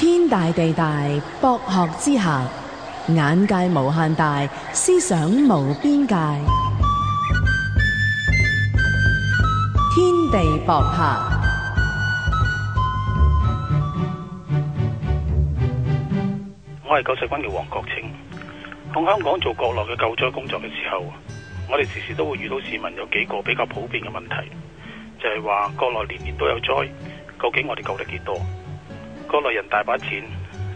天大地大，博學之下眼界無限大，思想無邊界。天地博客，我係救世軍嘅王國清。同香港做國內嘅救災工作嘅時候，我哋時時都會遇到市民有幾個比較普遍嘅問題，就係話國內年年都有災，究竟我哋救得幾多？國內人大把錢，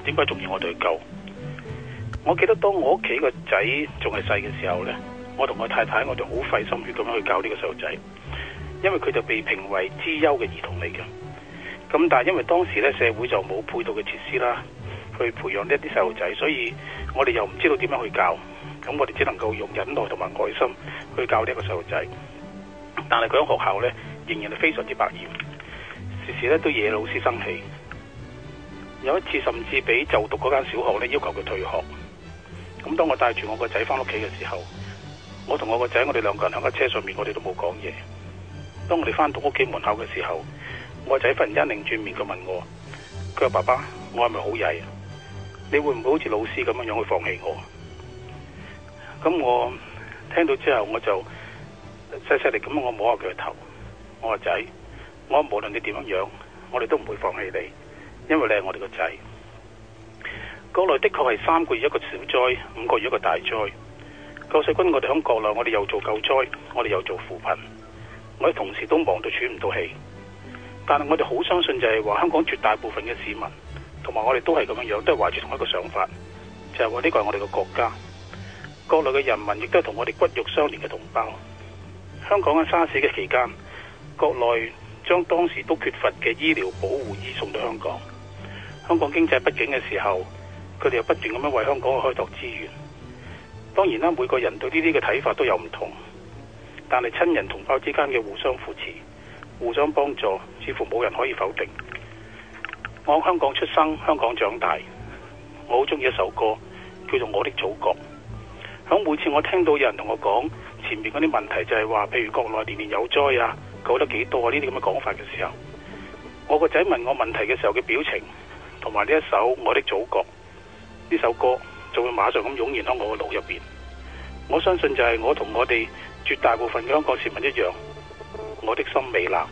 點解仲要我哋去救？我記得當我屋企個仔仲係細嘅時候呢，我同我太太我就好費心血咁去教呢個細路仔，因為佢就被評為資優嘅兒童嚟嘅。咁但係因為當時呢社會就冇配套嘅設施啦，去培養呢一啲細路仔，所以我哋又唔知道點樣去教。咁我哋只能夠用忍耐同埋愛心去教呢個細路仔。但係佢喺學校呢，仍然係非常之百厭，時時咧都惹老師生氣。有一次甚至俾就讀嗰間小學咧要求佢退學，咁當我帶住我個仔翻屋企嘅時候，我同我個仔我哋兩個人行喺個車上面，我哋都冇講嘢。當我哋翻到屋企門口嘅時候，我個仔忽然一擰轉面，佢問我：佢話爸爸，我係咪好曳呀？你會唔會好似老師咁樣樣去放棄我？咁我聽到之後我就細細力咁，我摸下佢嘅頭，我話仔，我無論你點樣樣，我哋都唔會放棄你。因為咧，我哋個仔國內的確係三個月一個小災，五個月一個大災。救世軍我哋響國內，我哋又做救災，我哋又做扶貧，我哋同時都忙到喘唔到氣。但係我哋好相信，就係話香港絕大部分嘅市民，同埋我哋都係咁樣樣，都係懷住同一個想法，就係話呢個係我哋個國家，國內嘅人民亦都係同我哋骨肉相連嘅同胞。香港喺沙士嘅期間，國內將當時都缺乏嘅醫療保護儀送到香港。香港經濟不景嘅時候，佢哋又不斷咁樣為香港去開拓資源。當然啦，每個人對呢啲嘅睇法都有唔同，但係親人同胞之間嘅互相扶持、互相幫助，似乎冇人可以否定。我喺香港出生，香港長大，我好中意一首歌，叫做《我的祖國》。響每次我聽到有人同我講前面嗰啲問題，就係話，譬如國內年年有災啊，救得幾多啊呢啲咁嘅講法嘅時候，我個仔問我問題嘅時候嘅表情。同埋呢一首《我的祖國》呢首歌，就會馬上咁湧現喺我嘅腦入邊。我相信就係我同我哋絕大部分香港市民一樣，我的心未冷。